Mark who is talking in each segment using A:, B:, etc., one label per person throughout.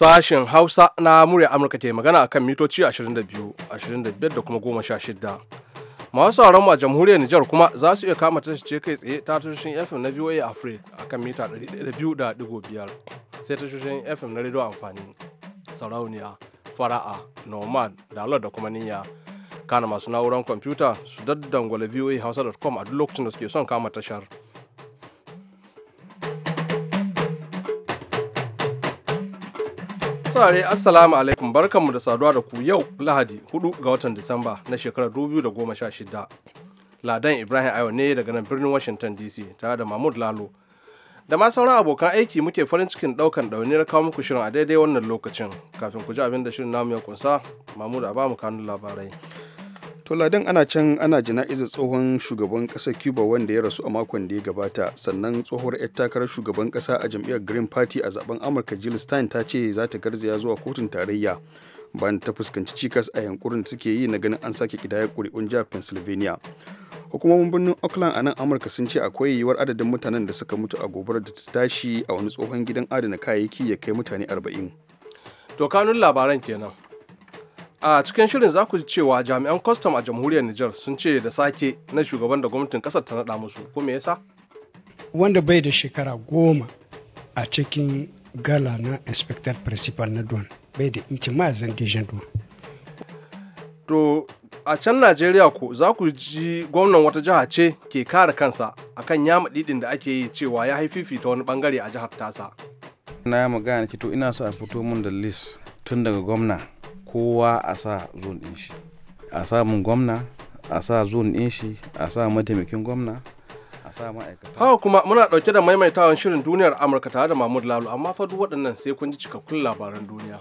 A: Sashen Hausa na murya Amurka ke magana akan mitoci 22, 25 da kuma 16. Masu sauran a jamhuriyar Nijar kuma za su iya kama ce kai tsaye ta tashoshin FM na VOA a akan mita 200.5 sai tashoshin FM na rediyo amfani sarauniya fara'a nomad dalar da kuma niyya kana masu na'urar kwamfuta su daddangwale voa hausa.com a duk lokacin da suke son kama tashar. Saurare Assalamu alaikum barkanmu da saduwa da ku yau Lahadi 4 ga watan Disamba na shekarar 2016. Ladan Ibrahim Ayo ne daga nan birnin Washington DC tare da Mahmud Lalo. Da ma sauran abokan aiki muke farin cikin daukan dauniyar kawo muku shirin a daidai wannan lokacin kafin ku ji abin da shirin namu ya kunsa Mahmud a ba mu kanun labarai.
B: to ladan ana can ana jana'izar tsohon shugaban ƙasar cuba wanda ya rasu a makon da ya gabata sannan tsohuwar 'yar takarar shugaban ƙasa a jam'iyyar green party a zaben amurka jill stein ta ce za ta garzaya zuwa kotun tarayya bayan ta fuskanci cikas a yankurin da take yi na ganin an sake kidayar ƙuri'un jihar pennsylvania hukumomin birnin auckland a nan amurka sun ce akwai yiwuwar adadin mutanen da suka mutu a gobarar da ta tashi a wani tsohon gidan adana kayayyaki ya kai mutane 40
A: to kanun labaran kenan a cikin shirin za ku ji cewa jami'an kwastam a jamhuriyar Nijar sun ce da sake na shugaban da gwamnatin kasar ta naɗa musu ko me yasa?
C: Wanda bai da shekara goma a cikin gala na inspector principal na duwan, bai da inci mazan Dijon duwan.
A: To a can Najeriya ko za ku ji gwamnan wata jiha ce ke kare kansa akan yama didin da ake yi cewa ya haifi ta wani bangare a jihar tasa.
D: Na magana ce to ina so a fito mun da list tun daga gwamna kowa a sa zon ɗin shi a sa mun gwamna a sa zon ɗin shi a sa mataimakin gwamna a sa ma'aikata
A: hawa kuma muna ɗauke da maimaitawan shirin duniyar amurka tare da mahmud lalu amma fa duk waɗannan sai kun ji cikakkun labaran duniya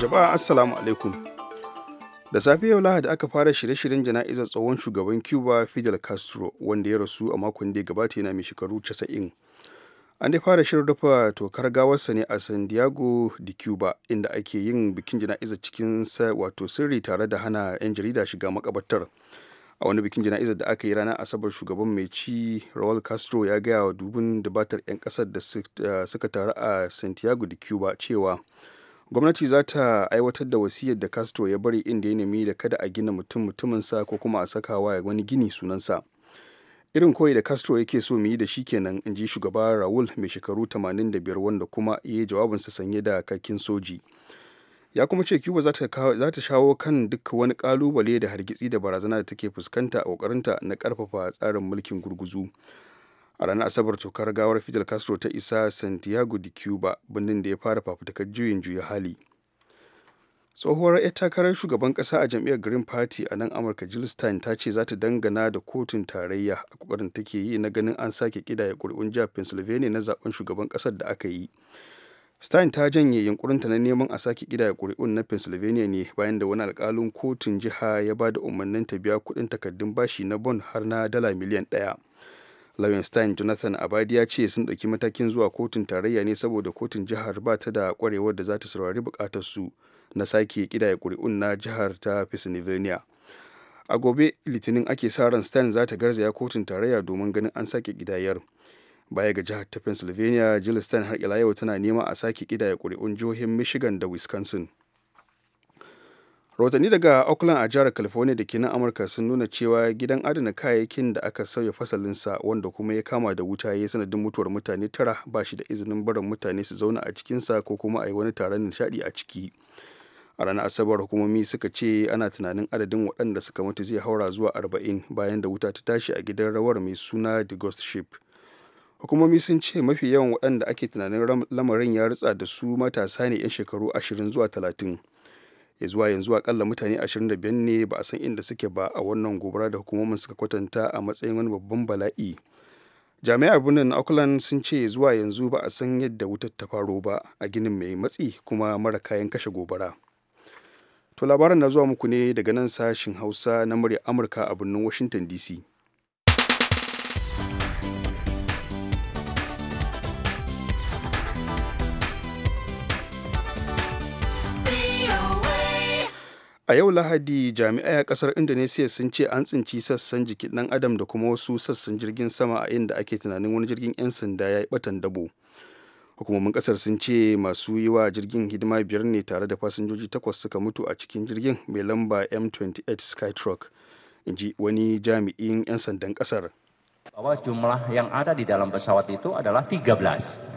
B: jama'a assalamu alaikum da safe yau lahadi aka fara shirye-shiryen jana'izar tsohon shugaban cuba fidel castro wanda ya rasu a makon da ya gabata yana mai shekaru 90 an dai fara shirin rufe tokar gawarsa ne a san diego de cuba inda ake yin bikin jana'izar cikin wato sirri tare da hana 'yan jarida shiga makabartar a wani bikin jana'izar da aka yi ranar asabar shugaban mai ci raul castro ya gaya wa dubin dubatar 'yan kasar da eh, suka taru a santiago de cuba cewa gwamnati za ta aiwatar da wasiyar da castro ya bari inda ya nemi da kada a gina mutum mutuminsa ko kuma a sakawa wani gini sunansa irin koyi da castro yake so mu yi da shi kenan in ji shugaba raul mai shekaru 85 wanda kuma ya yi jawabinsa sanye da kakin soji ya kuma ce cuba za ta shawo kan duk wani kalubale da hargitsi da barazana da take fuskanta a kokarinta na karfafa tsarin mulkin gurguzu a ranar asabar tokar gawar fidel castro ta isa santiago de cuba birnin da ya fara fafutukar juyin juya hali tsohuwar 'yar takarar shugaban kasa a jam'iyyar green party a nan amurka jill stein ta ce za ta dangana da kotun tarayya a kokarin take yi na ganin an sake kidaya kuri'un jihar pennsylvania na zaben shugaban kasar da aka yi stein ta janye yunkurinta na neman a sake kidaya kuri'un na pennsylvania ne bayan da wani alkalin kotun jiha ya ba da umarnin ta biya kuɗin takardun bashi na bond har na dala miliyan ɗaya stein Jonathan Abadi ya ce sun ɗauki matakin zuwa kotun tarayya ne saboda kotun jihar ba ta da kwarewar da za ta saurari bukatar su na sake kidaya kuri'un na jihar ta pennsylvania a gobe litinin ake sa ran stein za ta garzaya kotun tarayya domin ganin an sake kidayar baya ga jihar ta pennsylvania jill stein har ila yau tana nema a sake kidaya kuri'un jihohin michigan da wisconsin rahotanni daga auckland a jihar california da ke nan amurka sun nuna cewa gidan adana kayayyakin da aka sauya fasalinsa wanda kuma ya kama da wuta ya sanadin mutuwar mutane tara ba shi da izinin barin mutane su zauna a cikinsa ko kuma a yi wani taron nishadi a ciki a ranar asabar hukumomi suka ce ana tunanin adadin waɗanda suka mutu zai haura zuwa arba'in bayan da wuta ta tashi a gidan rawar mai suna the ghost ship hukumomi sun ce mafi yawan waɗanda ake tunanin lamarin ya ritsa da su matasa ne 'yan shekaru 20 zuwa talatin ya zuwa yanzu akalla mutane 25 ne ba a san inda suke ba a wannan gobara da hukumomin suka kwatanta a matsayin wani babban bala'i jami'ar birnin auckland sun ce zuwa yanzu ba a san yadda wutar ta faro ba a ginin mai matsi kuma mara kayan kashe gobara To labaran na zuwa muku ne daga nan sashin Hausa na murya Amurka a birnin Washington DC. a yau lahadi jami'ai a kasar indonesia sun ce an tsinci sassan jikin ɗan adam da kuma wasu sassan jirgin sama a inda ake tunanin wani jirgin 'yan sanda ya yi batan dabo hukumomin kasar sun ce masu yi wa jirgin hidima biyar ne tare da fasinjoji takwas suka mutu a cikin jirgin mai lamba m28 skytruck in ji wani jami'in 'yan sandan kasar
E: bahwa jumlah yang ada di dalam pesawat itu adalah 13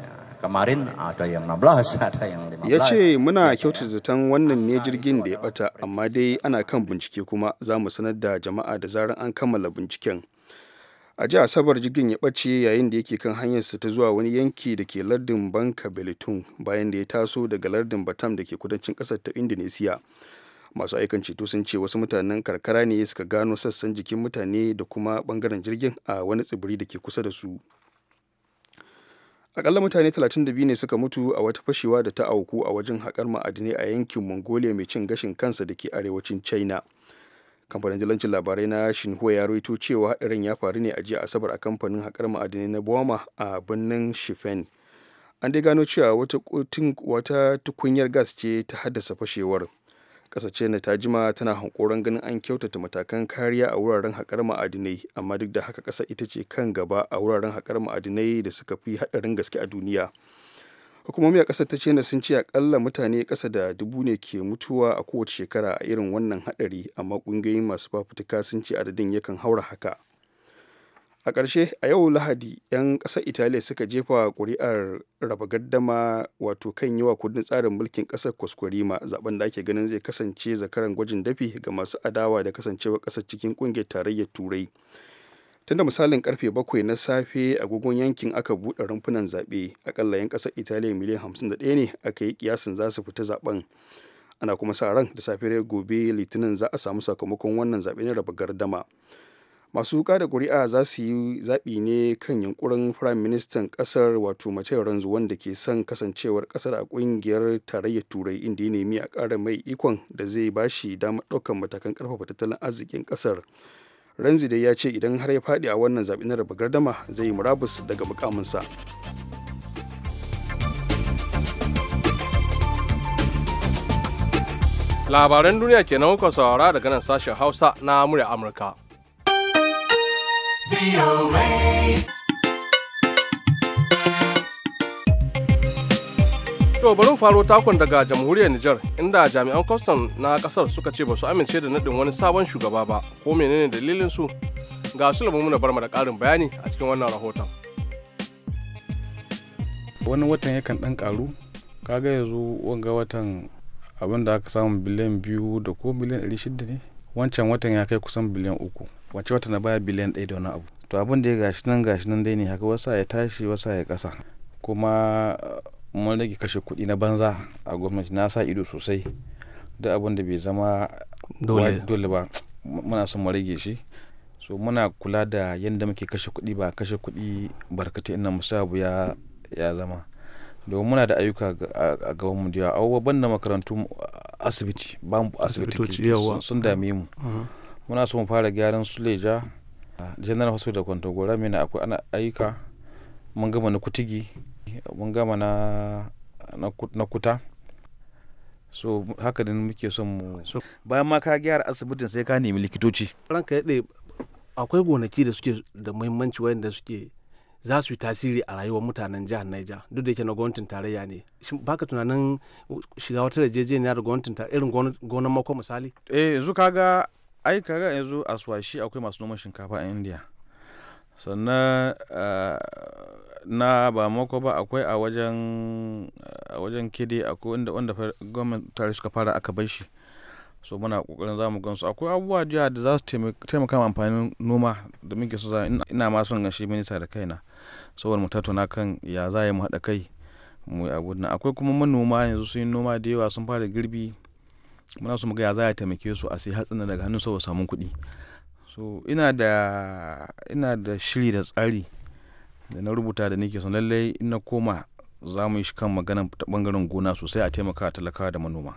E: ya
B: ce muna kyautata zaton wannan ne jirgin da ya bata amma dai ana kan bincike kuma za mu sanar da jama'a da zarar an kammala binciken a ji asabar jirgin ya ɓace yayin da yake kan hanyarsa ta zuwa wani yanki da ke lardin banka belitung bayan da ya taso daga lardin batam da ke kudancin ƙasar ta indonesiya masu aikan ceto sun ce wasu mutanen karkara ne suka gano sassan jikin mutane da kuma bangaren jirgin a wani tsibiri da ke kusa da su akalla mutane 32 ne suka mutu a wata fashewa da ta auku a wajen haƙar ma'adinai a yankin mongolia mai cin gashin kansa da ke arewacin china kamfanin dalancin labarai na shinhua ya rawaito cewa haɗarin ya faru ne a jiya asabar a kamfanin haƙar ma'adinai na boma a birnin shifen an dai gano cewa wata, wata tukunyar gas ce ta haddasa fashewar kasashe na tajima tana hankoron ganin an kyautata matakan kariya a wuraren haƙar ma'adinai amma duk da haka ƙasa ita ce kan gaba a wuraren haƙar ma'adinai da suka fi haɗarin gaske a duniya hukumomi a kasar ta china sun ce akalla mutane ƙasa da dubu ne ke mutuwa a kowace shekara a irin wannan haɗari amma ƙungiyoyin masu fafutuka sun ce adadin yakan haura haka a ƙarshe a yau lahadi 'yan ƙasar italiya suka jefa ƙuri'ar raba gaddama wato kan yawa kudin tsarin mulkin ƙasar kwaskwarima zaben da ake ganin zai kasance zakaran gwajin dafi ga masu adawa da kasancewa ƙasar cikin ƙungiyar tarayyar turai tunda misalin karfe 7 na safe a agogon yankin aka buɗe rumfunan zaɓe akalla 'yan ƙasar italiya miliyan 51 ne aka yi kiyasin za su fita zaben ana kuma sa ran da safiyar gobe litinin za a samu sakamakon wannan zaɓe na raba gardama masu wuka da ƙuri'a za su yi zaɓi ne kan yunkurin firayim ministan ƙasar wato mace ranzu wanda ke son kasancewar ƙasar a ƙungiyar tarayyar turai inda ya nemi a ƙara mai ikon da zai bashi damar ɗaukar matakan ƙarfafa tattalin arzikin ƙasar ranzi dai ya ce idan har ya faɗi a wannan zaɓi na raba gardama zai yi murabus daga mukaminsa
A: labaran duniya ke kenan kuka saurara daga nan sashen hausa na murya amurka To bari faro takon daga jamhuriyar Nijar inda jami'an kwastam na kasar suka ce ba su amince da naɗin wani sabon shugaba ba ko menene dalilin su ga su muna barma da ƙarin bayani a cikin wannan rahoton.
D: Wani watan yakan ɗan ƙaru kaga yanzu wanga watan abin da aka samu biliyan biyu da ko biliyan ɗari shida ne wancan watan ya kai kusan biliyan uku wace wata na baya biliyan ɗaya da wani abu to abin da ya gashi nan gashi nan dai ne haka wasa ya tashi wasa ya ƙasa kuma mun rage kashe kuɗi na banza a gwamnati na sa ido sosai da abin da bai zama dole ba muna son mu rage shi so muna kula da yadda muke kashe kuɗi ba kashe kuɗi barkatai ina musabu ya ya zama domin muna da ayyuka a gaban mu da yawa ban da makarantu asibiti ba mu asibiti sun dame mu uh-huh. muna so mu fara gyaran suleja general hospital kwantagora na akwai ana ayyuka mun gama na kutigi mun gama na na kuta so haka da muke son mu bayan ma ka gyara asibitin sai ka nemi likitoci ranka ya
A: akwai gonaki da suke da muhimmanci wayanda suke za su yi tasiri a rayuwar mutanen jihar Niger duk da yake na gwamnatin tarayya ne baka tunanin shiga wata yarjejeniya da gwamnatin tarayya irin gonan mako misali
D: eh yanzu kaga ai kaga yanzu a akwai masu noman shinkafa a India sannan eh, na ba mako ba akwai a wajen a wajen kidi akwai wanda wanda gwamnati tare suka fara aka bar shi so muna kokarin zamu gansu akwai abubuwa jiya da za su taimaka ma amfanin noma da muke so ina ma son gashi minista da kaina saboda mu tattauna kan ya za mu haɗa kai mu yi abu na akwai kuma manoma yanzu sun yi noma da yawa sun fara girbi muna so mu ga ya za a taimake su a sai hatsin daga hannun saboda samun kuɗi so ina da ina da shiri da tsari da na rubuta da nake son lallai in na koma za mu yi kan magana ta bangaren gona sosai a taimaka talakawa da manoma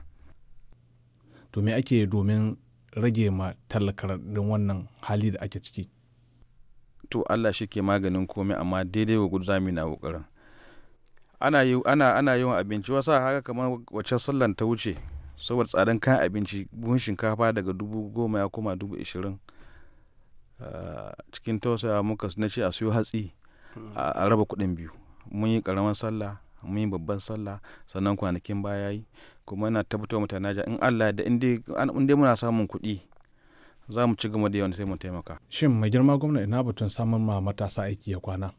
A: to me ake domin rage ma talakar wannan hali da ake
D: ciki to Allah shi ke maganin komai amma daidai wa gudu zami na kokarin ana yi ana ana yawan abinci wasa haka kamar wacce sallan ta wuce saboda tsadan kayan abinci buhun shinkafa daga dubu goma ya koma dubu ishirin cikin tausaya muka na ce a siyo hatsi a raba kuɗin biyu mun yi ƙaramin sallah mun yi babban sallah sannan kwanakin baya yi kuma yana tabbatar mutane ja in Allah da inda muna samun kuɗi za mu ci gama da yawan sai mu taimaka. Shin
A: mai girma gwamna ina batun samun ma matasa aiki ya kwana?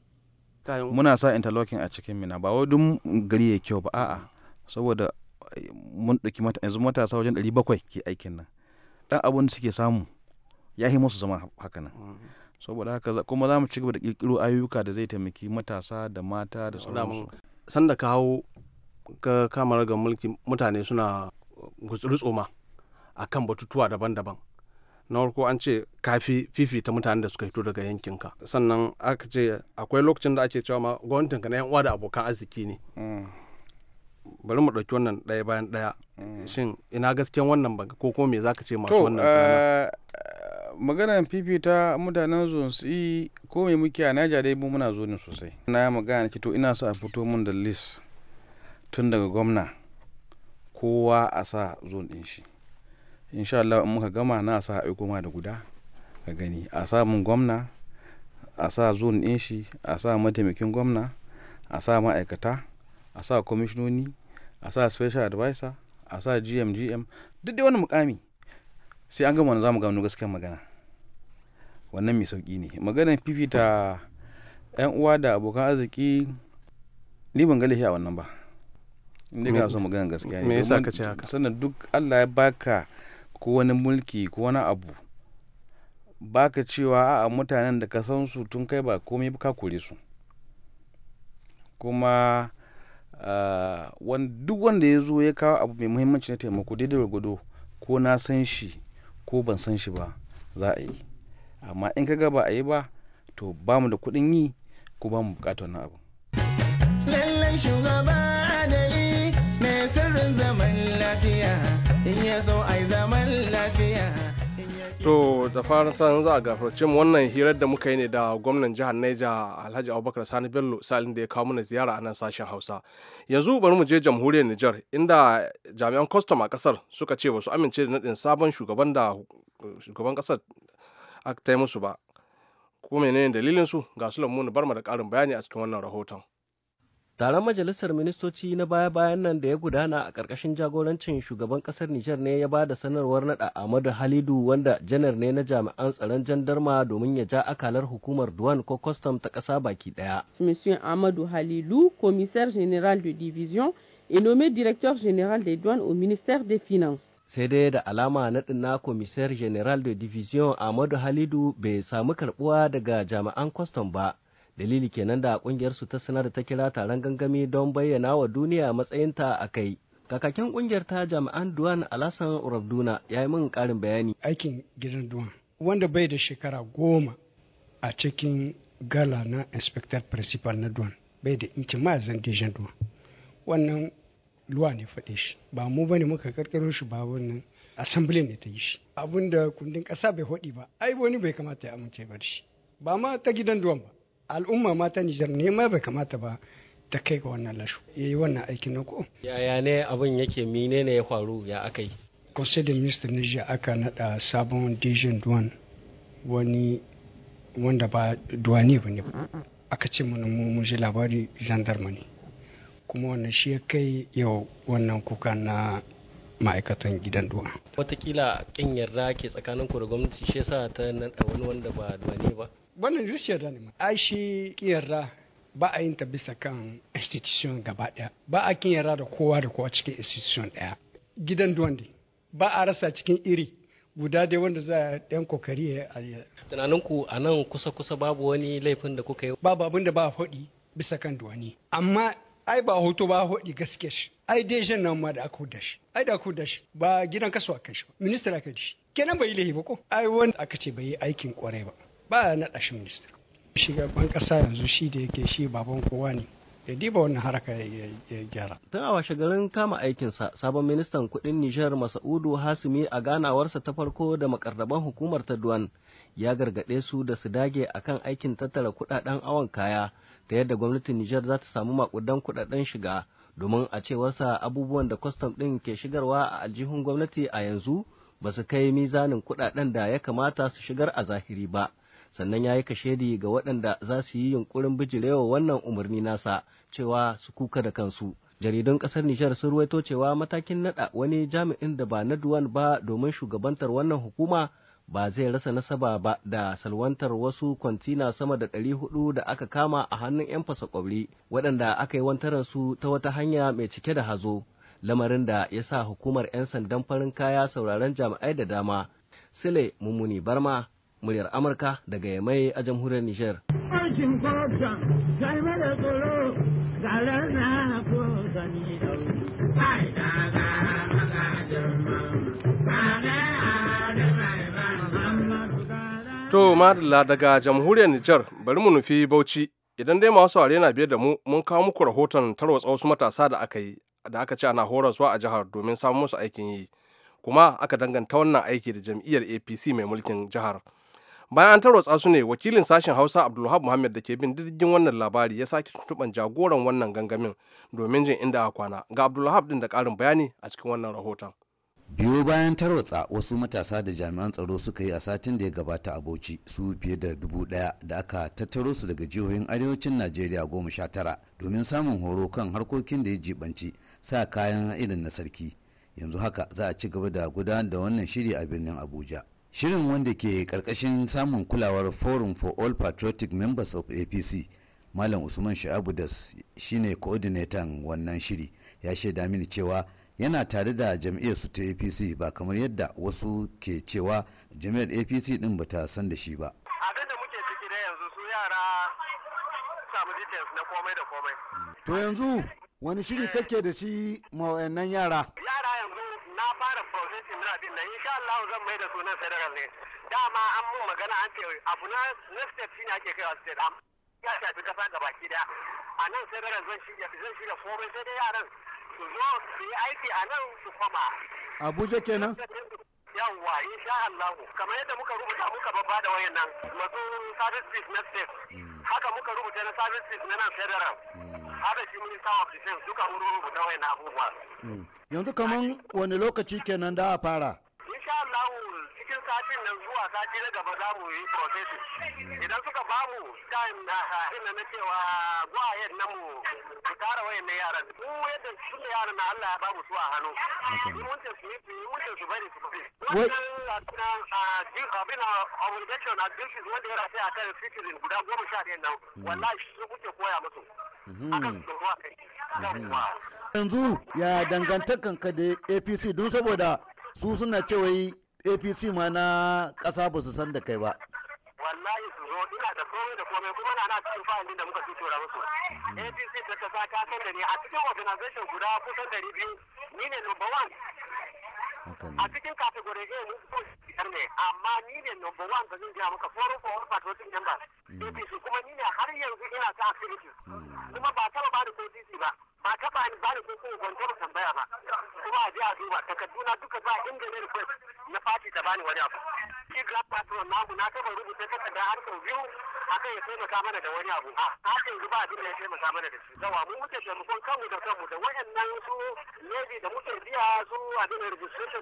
D: Muna sa interlocking a cikin mina ba wai dun gari ya kyau ba a'a saboda eh, mun ɗauki yanzu matasa wajen ɗari bakwai ke aikin nan. Ɗan abun da suke samu ya yi musu zama haka nan mm. saboda haka kuma za mu ci gaba da kirkiro ayyuka da zai taimaki matasa da mata da sauransu sanda ka hau ka kama ga mulki mutane suna
A: gutsuma a kan batutuwa daban-daban na farko an ce kafi fifita mutane da suka hito daga yankinka sannan aka ce akwai lokacin da ake cewa ma gwamnatinka na yan uwa da abokan arziki ne mm. bari mu ɗauki wannan ɗaya bayan ɗaya mm. shin ina gasken wannan ba ko kuma me za ka ce masu wannan
D: maganar fifita mutanen zonsi ko mai muke a naija dai muna zo ne sosai na magana ki to ina so a fito mun da lis tun daga gwamna kowa a sa zon din shi insha Allah in muka gama na sa a ma da guda ka gani a sa mun gwamna a sa zon din shi a sa mataimakin gwamna a sa ma'aikata a sa kwamishinoni a sa special advisor a sa gmgm duk dai wani mukami sai an gama wani za mu gano gaskiyar magana wannan mai sauki ne maganar fifita yan uwa da abokan arziki ni ban ga shi a wannan ba inda kana so maganar gaskiya me yasa ka ce haka sannan duk Allah ya baka ko wani mulki ko wani abu baka cewa a mutanen da ka san su tun kai ba komai ka kore su kuma ah, duk wanda ya zo ya kawo abu mai muhimmanci na taimako daidai gwado ko na san shi ko ban san shi ba za a yi amma in kaga ba a yi ba to ba mu da kuɗin yi ko ba mu bukatar wannan abu
E: lallai shugaba adali ne sirrin zaman lafiya
D: in ya so zaman lafiya
A: to da fatan za a gafarce mu wannan hirar da muka yi ne da gwamnan jihar Neja Alhaji Abubakar Sani Bello salin da ya kawo mana ziyara a nan sashen Hausa yanzu bari mu je jamhuriyar Nijar inda jami'an kwastam a kasar suka ce ba su amince da nadin sabon shugaban da shugaban kasar aka tai musu ba ko menene dalilin su ga su bar mu da karin bayani a cikin wannan rahoton
F: taron majalisar ministoci na baya-bayan nan da ya gudana a ƙarƙashin jagorancin shugaban ƙasar nijar ne ya ba da sanarwar naɗa ahmadu halidu wanda janar ne na jami'an tsaron jandarma domin ya ja akalar hukumar duwan ko kwastam ta ƙasa baki ɗaya.
E: monsieur ahmadu halilu commissaire general de division et nommé directeur général des douanes au ministère des finances
F: sai dai da alama naɗin na komisar general de division amadu Halidu bai samu karɓuwa daga jami'an kwastam ba. Dalili kenan da ƙungiyar su ta sanar da ta kira taron gangami don bayyana wa duniya matsayinta a kai. Kakakin ƙungiyar ta jami'an Duwan Alasan Urabduna ya yi min ƙarin bayani. Aikin gidan Duwan
C: wanda bai da shekara goma a cikin gala na inspector principal na Duwan bai da inci ma zangejen Duwan. Wannan luwa ne faɗe shi ba mu bane muka karkaro shi ba wannan assembly ne ta yi shi abin da kundin ƙasa bai hodi ba ai wani bai kamata ya amince ba shi ba ma ta gidan duwan ba al'umma ma ta Nijar ne ma bai kamata ba ta kai ga wannan lashu yi wannan aikin na ko
F: yaya ne abin yake menene ya faru ya aka yi.
C: conseil de ministre Nijar aka naɗa sabon dijin duwan wani wanda ba duwani ba ne aka ce mana mu mun ji labari gendarme ne kuma wannan shi ya kai yau wannan kuka na ma'aikatan
F: gidan duwa. Watakila kin yarda ke tsakanin ku da gwamnati shi yasa ta naɗa wani wanda ba ne ba.
C: Wannan zuciya da ne. Ai shi kin yarda ba a yin ta bisa kan institution gaba ɗaya. Ba a kin yarda da kowa da kowa cikin institution ɗaya. Gidan duwan ne. Ba a rasa cikin iri guda dai wanda za a yan kokari ya yi.
F: Tunanin ku a nan kusa-kusa babu wani laifin da kuka yi. Babu abin da ba a faɗi
C: bisa kan duwani. Amma ai ba hoto ba hodi gaske shi ai jan nan ma da aka huda shi ai da aka huda shi ba gidan kasuwa kan shi ba minista aka shi kenan bai laifi ba ko ai wani aka ce bai yi aikin kwarai ba ba na dashi minista shugaban kasa yanzu shi da yake shi baban kowa ne ya diba wannan haraka ya gyara.
F: Tun a washe garin kama aikinsa, sabon ministan kudin Nijar Masa'udu Hasimi a ganawarsa ta farko da makarraban hukumar ta Duwan ya gargaɗe su da su dage akan aikin tattara kudaden awon kaya ta yadda gwamnatin Nijar za ta samu makudan kudaden shiga domin a cewarsa abubuwan da kwastam ɗin ke shigarwa a aljihun gwamnati a yanzu ba su kai mizanin kudaden da ya kamata su shigar a zahiri ba. Sannan ya yi kashedi ga waɗanda za su yi yunkurin bijirewa wannan umarni nasa cewa su kuka da kansu. jaridun ƙasar Nijar sun ruwaito cewa matakin naɗa wani jami'in da ba na duwan ba domin shugabantar wannan hukuma ba zai rasa nasaba ba da salwantar wasu kwantina sama da ɗari hudu da aka kama a hannun 'yan fasa fasakwabri waɗanda aka yi wantaran su ta wata hanya mai cike da hazo lamarin da ya sa hukumar 'yan sandan farin kaya sauraron jami'ai da dama sile mummuni barma muryar amurka daga yamai a jamhuriyar nijar
A: To madalla daga jamhuriyar Nijar bari mu nufi Bauchi idan dai masu saurare na biye da mu mun kawo muku rahoton tarwatsa wasu matasa da aka yi da aka ce ana horaswa a jihar domin samu musu aikin yi kuma aka danganta wannan aiki da jam'iyyar APC mai mulkin jihar. Bayan an tarwatsa su ne wakilin sashen Hausa Abdulhab Muhammad da ke bin diddigin wannan labari ya sake tuntuɓan jagoran wannan gangamin domin jin inda aka kwana ga Abdulhab din da ƙarin bayani a cikin wannan rahoton.
G: biyo bayan tarwatsa wasu matasa da jami'an tsaro suka yi a satin da ya gabata a bauchi su fiye da dubu daya da aka tattaro su daga jihohin arewacin najeriya goma sha tara domin samun horo kan harkokin da ya jibanci sa kayan irin na sarki yanzu haka za a ci gaba da gudanar da wannan shiri a birnin abuja shirin wanda ke karkashin samun kulawar forum for all patriotic members of apc malam usman sha'abu das shine coordinator wannan shiri ya shaida mini cewa yana tare da jam'iyyar su ta apc ba kamar yadda wasu ke cewa jam'iyyar apc din ba ta san da shi ba
H: abin da muke ciki da yanzu su yara samu details na komai da komai
G: to yanzu wani shiri eh. kake da shi ma wayannan yara yara yanzu
H: na fara processing na abin nan insha Allah zan mai da sunan federal ne dama an mun magana an ce abu na state shine ake kaiwa state ya shafi kasa gabaki daya a nan federal zan shirya zan shirya komai sai dai yaran su zo su yi aiki a nan su koma
G: abuja kenan
H: yawwa insha Allah kamar yadda muka rubuta muka babba da wayan nan masu service fees na state mm. haka muka rubuta na service fees na nan federal mm. haka shi minister of defense duka mun rubuta wayan abubuwa mm.
G: yanzu kaman wani lokaci kenan da a fara
H: insha Allah cikin satin nan zuwa sati na gaba za mu yi processing idan suka ba mu time ah, ah, na ina na cewa go ahead na mu ku tara wayannan yaran mu yadda su da yaran na Allah ya ba mu su a hannu mun ce su yi mun ce su bari su bari
F: wannan a ah, abin
H: obligation a duties wanda ya rafi a kan citizen guda goma
G: sha ɗaya nan hmm. wallahi
H: su kuke koya
G: musu hmm. hmm. yanzu ya dangantakan ka da apc don saboda su suna cewa apc ma na ƙasa ba su san da kai ba
H: wallahi su zo ina da komai da komai kuma na na cikin fa'ilin da muka tutura musu apc ta kasa ta san da ni a cikin organization guda kusan dari biyu ni ne number one a cikin kategori A mun ko biyar ne amma ni ne number one da zan gaya maka forum for all patriotic members mm. APC kuma ni ne har yanzu ina ta activity mm. kuma ba taba ba da ko ba ba taba ni ba da ko kuma ban taba tambaya ba kuma a je a duba takarduna duka ba inda ne request na party ta bani wani abu shi grand patron namu na taba rubuta takarda har sau biyu kan ya taimaka mana da wani abu a kan yanzu ba abin da ya taimaka mana da shi yawa mu muke taimakon kanmu da kanmu da wayannan su lady da muke biya su
G: abin registration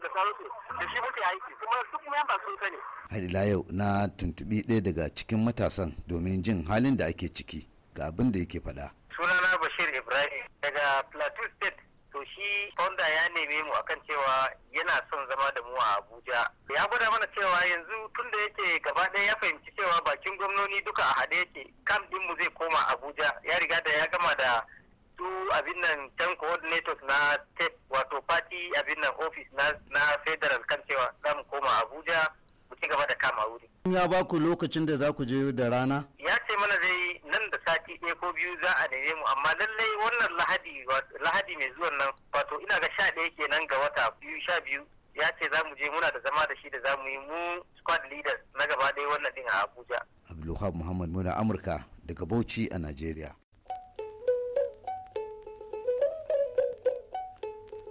G: da ila yau na tuntubi ɗaya daga cikin matasan domin jin halin da ake ciki ga abin da yake faɗa.
H: sunana bashir ibrahim daga plateau state to shi fonda ya neme mu akan cewa yana son zama da mu a abuja ya gwada mana cewa yanzu tun da yake gaba ɗaya ya fahimci cewa bakin gwamnoni duka a haɗe yake kam ɗinmu zai koma abuja ya riga da ya gama da su abin nan can coordinators na state wato party abin nan office na federal kan cewa za mu koma abuja mu ci gaba da kama wuri
G: ya ba ku lokacin da za ku je da rana ya ce mana zai nan da sati ɗaya ko biyu za a neme mu amma lallai
H: wannan lahadi lahadi mai zuwan nan wato ina ga sha ɗaya kenan ga wata biyu sha biyu ya ce za mu je muna da zama da shi da za mu yi mu squad leaders na gaba ɗaya wannan din a abuja
G: abdulwahab muhammad muna amurka daga bauchi a najeriya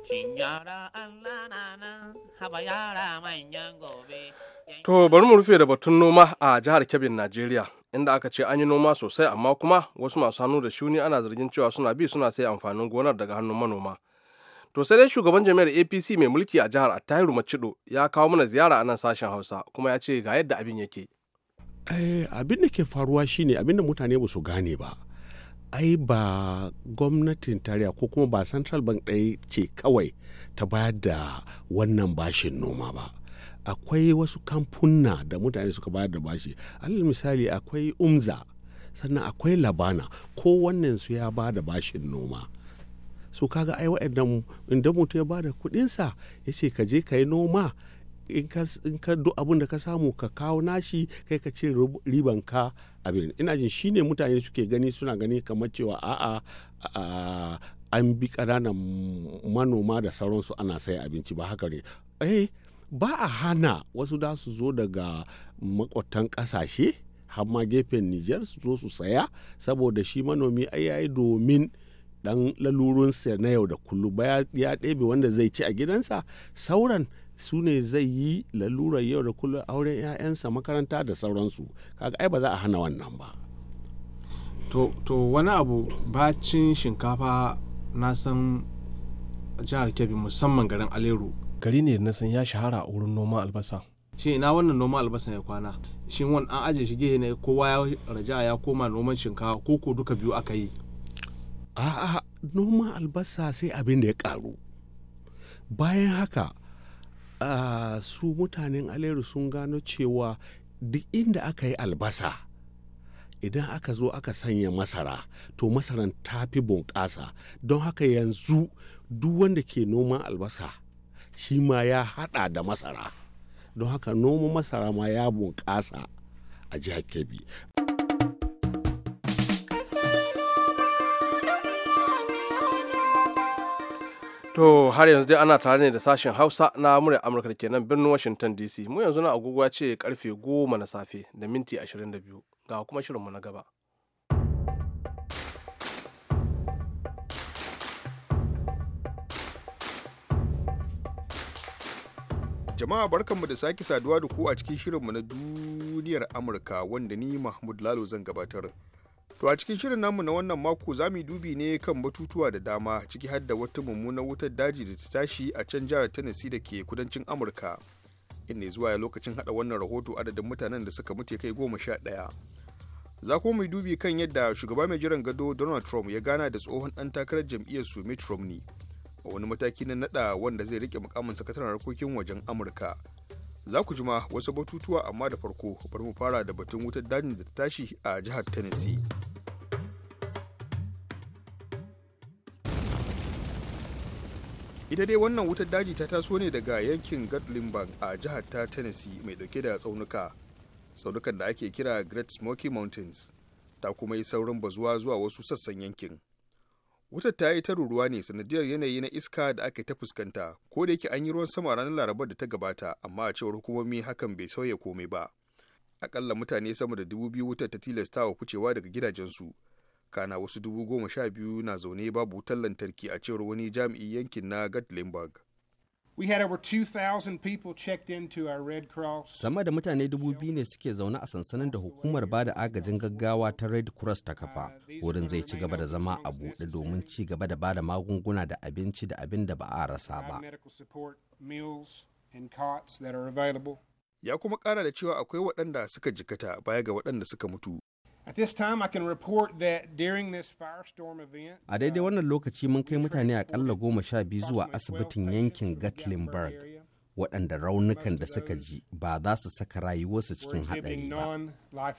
H: Shin manyan
A: gobe. To bari mu rufe da batun noma a jihar Kebbi Najeriya. Inda aka ce an yi noma sosai amma kuma wasu masu hannu da shuni ana zargin cewa suna bi suna sai amfanin gonar daga hannun manoma. To sai dai shugaban jami'ar APC mai mulki a jihar Attahiru Macido ya kawo mana ziyara a nan sashen Hausa kuma ya ce ga yadda abin yake.
G: Eh,
I: abin da ke faruwa shine abin da mutane ba su gane ba ai ba gwamnatin tarayya ko kuma ba central bank ɗaya ce kawai ta bayar da wannan bashin noma ba akwai wasu kamfuna da mutane suka bayar da bashi alal misali akwai umza sannan akwai labana ko wannan su ya ba da bashin noma so kaga ai wa'annan inda mutum ya ba da kuɗinsa ya ce ka je ka yi noma in ka duk abin da ka samu ka kawo nashi kai ka cire riban ka abin ina jin shine mutane suke gani suna gani kamar cewa a'a an bi ƙananan manoma da sauransu ana saya abinci ba haka ne eh ba a hana wasu da su zo daga makwatan ƙasashe ma gefen Nijar su zo su saya saboda shi manomi ai yayi domin dan lalurinsa na yau da kullum ya ɗebe wanda zai ci a gidansa sauran su ne zai yi lalurar yau da kullum auren 'ya'yansa makaranta da sauransu kaga ai ba za a hana wannan ba to, wani abu bacin shinkafa
A: na san jihar kebbi musamman garin aleru. gari ne na san ya shahara a wurin noman albasa shi ina wannan noman albasa ya kwana shi wani an ajiye shi gehe ne
I: kowa ya raja ya koma noman shinkafa ko ko duka biyu aka yi a'a noman albasa sai abin da ya karu bayan haka uh, su mutanen aleru sun gano cewa duk inda aka yi albasa idan aka zo aka sanya masara to masaran ta fi bunƙasa don haka yanzu duk wanda ke noman albasa shi ma ya haɗa da masara don haka noman masara ma ya bunƙasa a jihar kebbi
A: To har yanzu dai ana tare ne da sashen Hausa na murya Amurka da kenan birnin Washington DC. Mu yanzu na agogo ce karfe goma na safe da minti 22 ga kuma shirinmu na gaba.
B: Jama'a barkanmu da sake saduwa da ku a cikin shirinmu na duniyar Amurka wanda ni Mahmud Lalo zan gabatar. To a cikin shirin namu na wannan mako za mu dubi ne kan batutuwa da dama ciki har da wata mummunar wutar daji da ta tashi a can jihar Tennessee da ke kudancin Amurka. Inda zuwa ya lokacin hada wannan rahoto adadin mutanen da suka mutu kai goma sha ɗaya. Za kuma mu dubi kan yadda shugaba mai jiran gado Donald Trump ya gana da tsohon ɗan takarar jam'iyyar su Mitt Romney a wani mataki na nada wanda zai rike mukamin sakataren harkokin wajen Amurka. za ku jima wasu batutuwa amma da farko bari mu fara da batun wutar dajin da ta tashi a jihar tennessee ita dai wannan wutar daji ta taso ne daga yankin gatlinburg a jihar ta tennessee mai dauke da tsaunuka tsaunukan da ake kira great smoky mountains ta kuma yi saurin bazuwa zuwa wasu sassan yankin wutar ta yi ta ne sanadiyar yanayi na iska da aka ta fuskanta ko da yake an yi ruwan sama ranar laraba da ta gabata amma a cewar hukumomi hakan bai sauya komai ba akalla mutane sama da dubu biyu wutar ta tilasta wa kucewa daga gidajensu kana wasu dubu goma sha biyu na zaune babu wutar lantarki a cewar wani jami'i yankin na gatlinburg
E: Sama da mutane dubu biyu ne suke zaune a sansanin da hukumar ba da agajin gaggawa ta Red Cross ta kafa. Wurin zai ci gaba da zama a buɗe domin ci gaba da ba da magunguna da abinci da abin da ba a rasa ba.
B: Ya kuma ƙara da cewa akwai waɗanda suka jikata baya ga waɗanda suka mutu. A daidai
E: uh, wannan lokaci mun kai mutane akalla goma sha biyu zuwa asibitin yankin Gatlinburg waɗanda raunukan da suka ji ba za su saka rayuwarsu cikin haɗari
B: ba.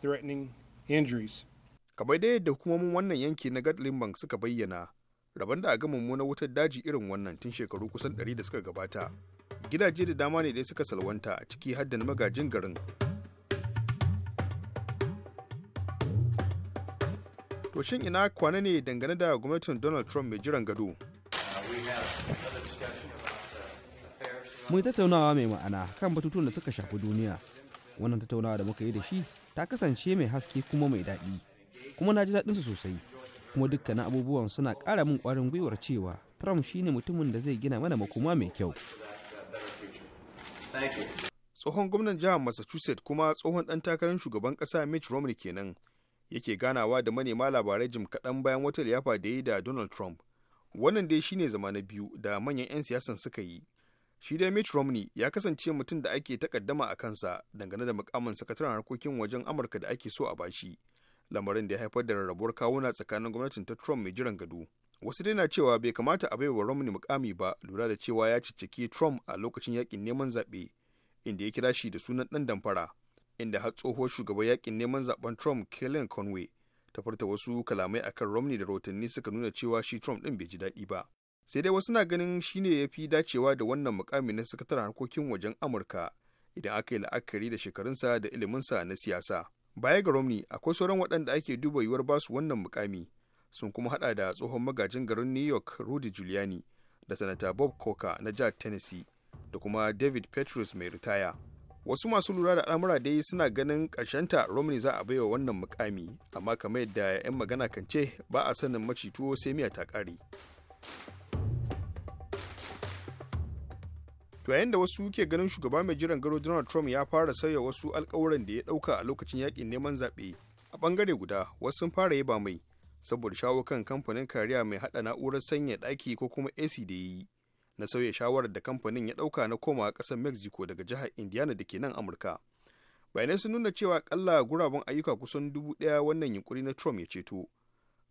B: Kamar dai yadda hukumomin wannan yanki na Gatlinburg suka bayyana, rabon da a ga mummunar wutar daji irin wannan tun shekaru kusan 100 da suka gabata. Gidaje da dama ne da suka salwanta a ciki haddan magajin garin. To ina kwana ne dangane da gwamnatin Donald Trump mai jiran gado?
E: Mun tattaunawa mai ma'ana kan batutuwan da suka shafi duniya. Wannan tattaunawa da muka yi da shi ta kasance mai haske kuma mai daɗi. Kuma na ji daɗin su sosai. Kuma dukkanin abubuwan suna ƙara min ƙwarin gwiwar cewa Trump shine mutumin da zai gina mana makoma mai kyau.
B: Tsohon gwamnan jihar Massachusetts kuma tsohon ɗan takarar shugaban ƙasa Mitch Romney kenan. yake ganawa da manema labarai jim kaɗan bayan wata liyafa da yi da donald trump wannan dai shine zama na biyu da manyan 'yan siyasan suka yi shi dai mitt romney ya kasance mutum da ake takaddama a kansa dangane da mukamin sakataren harkokin wajen amurka da ake so a bashi lamarin da ya haifar da rarrabuwar kawuna tsakanin gwamnatin ta trump mai jiran gado wasu dai na cewa bai kamata a bai wa romney mukami ba lura da cewa ya cicciki trump a lokacin yakin neman zaɓe inda ya kira shi da sunan ɗan damfara inda har tsohuwar shugaban yakin neman zaben Trump Kellen Conway ta furta wasu kalamai akan Romney da rahotanni suka nuna cewa shi Trump din bai ji daɗi ba. Sai dai wasu na ganin shi ne ya fi dacewa da wannan mukami na sakataren harkokin wajen Amurka idan aka yi la'akari da shekarunsa da iliminsa na siyasa. Baya ga Romney, akwai sauran waɗanda ake duba yiwuwar basu wannan mukami sun kuma hada da tsohon magajin garin New York Rudy Giuliani da sanata Bob Coker na jihar Tennessee da kuma David Petrus mai ritaya. wasu masu lura da al'amura dai suna ganin ta romney za a wa wannan mukami amma kamar yadda 'yan magana kan ce ba a sanin macituwo sai miya ta ƙare to yayin da wasu ke ganin shugaba mai jiran garo donald trump ya fara sauya wasu alkawuran da ya dauka a lokacin yakin neman zaɓe a ɓangare guda wasu sun fara yaba mai saboda shawo kan kamfanin kariya mai haɗa na'urar sanya ɗaki ko kuma ac da ya yi na sauya shawarar da kamfanin ya dauka na komawa ƙasar mexico daga jihar indiana da ke nan amurka bayanai sun nuna cewa kalla guraben ayyuka kusan dubu ɗaya wannan yunkuri na trump ya ceto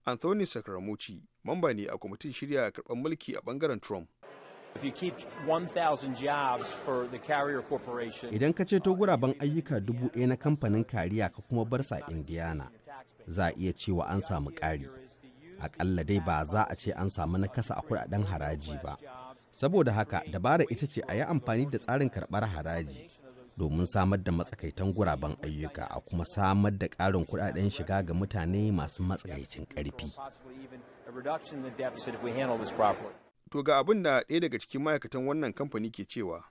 B: anthony sakramoci mamba ne a kwamitin shirya karɓar mulki a bangaren trump
H: Idan
E: ka ceto guraben ayyuka dubu ɗaya na kamfanin kariya ka kuma barsa sa Indiana, za a iya cewa an samu ƙari. Aƙalla dai ba za a ce an samu nakasa a kuɗaɗen haraji ba, saboda haka dabara ita ce a yi amfani da tsarin karɓar haraji domin samar da matsakaitan guraben ayyuka a kuma samar da ƙarin kuɗaɗen shiga ga mutane masu matsakaicin ƙarfi. To ga abin da ɗaya daga cikin ma'aikatan wannan kamfani ke cewa.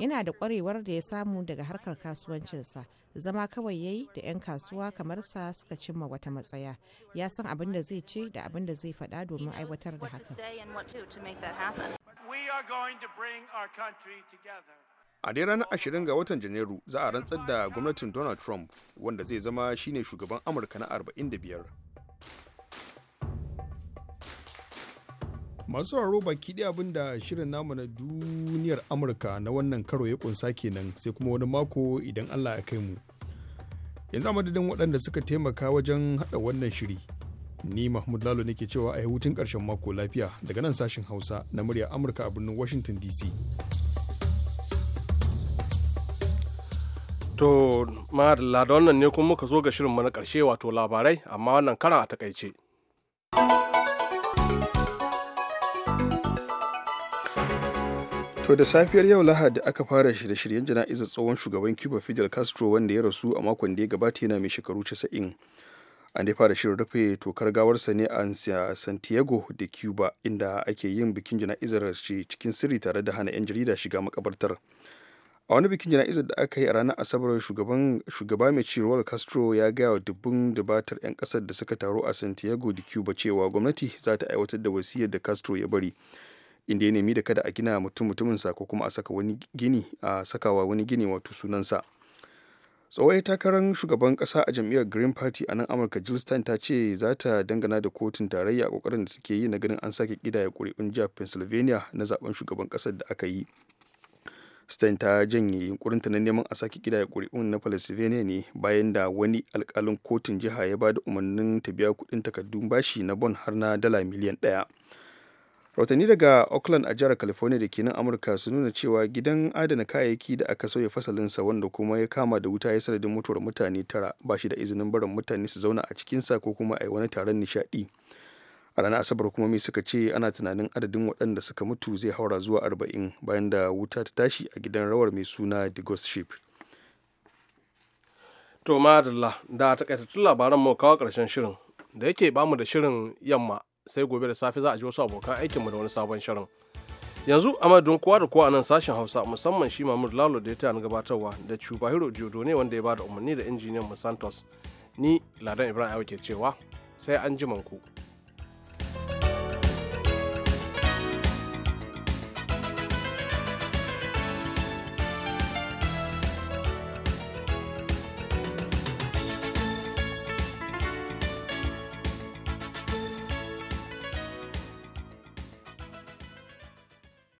D: Yana da ƙwarewar da ya samu daga harkar kasuwancinsa, zama kawai yayi da 'yan kasuwa kamar sa suka cimma wata matsaya. Ya san abin da zai ce da abin da zai faɗa domin aiwatar da
B: hakan. A dai ranar 20 ga watan Janairu za a rantsar da gwamnatin Donald Trump wanda zai zama shine shugaban Amurka na 45. masu sauraro baki ɗaya abin da shirin namu na duniyar amurka na wannan karo ya kunsa kenan sai kuma wani mako idan allah ya kai mu yanzu a madadin waɗanda suka taimaka wajen haɗa wannan shiri ni mahmud lalo nake cewa a yi hutun karshen mako lafiya daga nan sashen hausa na murya amurka a birnin washington dc
A: to ma'adala da wannan ne kuma muka zo ga shirin mana ƙarshe wato labarai amma wannan karan a takaice.
B: To da safiyar yau Lahadi aka fara shirye-shiryen jana'izar tsohon shugaban Cuba Fidel Castro wanda ya rasu a makon da ya gabata yana mai shekaru 90. An dai fara shirin rufe tokar gawarsa ne a Santiago da Cuba inda ake yin bikin jana'izar shi cikin sirri tare da hana 'yan jarida shiga makabartar. A wani bikin jana'izar da aka yi a ranar Asabar shugaba mai ciyarwar Castro ya gaya wa dubbin dubatar 'yan kasar da suka taro a Santiago da Cuba cewa gwamnati za ta aiwatar da wasiyar da Castro ya bari. inda ya nemi da kada a gina mutum mutuminsa ko kuma a saka wani gini a sakawa wani gini wato sunansa tsohon takarar shugaban kasa a jam'iyyar green party a nan amurka jill stein ta ce za ta dangana da kotun tarayya a kokarin da take yi na ganin an sake kidaya kuri'un jihar pennsylvania na zaben shugaban kasar da aka yi stein ta janye yunkurinta na neman a sake kidaya kuri'un na pennsylvania ne bayan da wani alkalin kotun jiha ya ba da umarnin ta biya kudin takardun bashi na bon har na dala miliyan daya rahotanni daga oakland a jihar california da ke nan amurka su nuna cewa gidan adana kayayyaki da aka sauya fasalinsa wanda kuma ya kama da wuta ya sanadin mutuwar mutane tara ba shi da izinin barin mutane su zauna a cikinsa ko kuma a yi wani taron nishaɗi a ranar asabar kuma mai suka ce ana tunanin adadin waɗanda suka mutu zai haura zuwa arba'in bayan da wuta ta tashi a gidan rawar mai suna the ghost ship
A: to madalla da takaitattun labaran mu kawo ƙarshen shirin da yake bamu da shirin yamma sai gobe da safe za a ji wasu abokan aikinmu da wani sabon shirin yanzu a madadin kowa da kowa a nan sashen hausa musamman shi mamud lalo da ya tayar gabatarwa da cubahiro jodo ne wanda ya bada da umarni da injiniyan mu santos ni ladan ibrahim ke cewa sai an ji manku. ku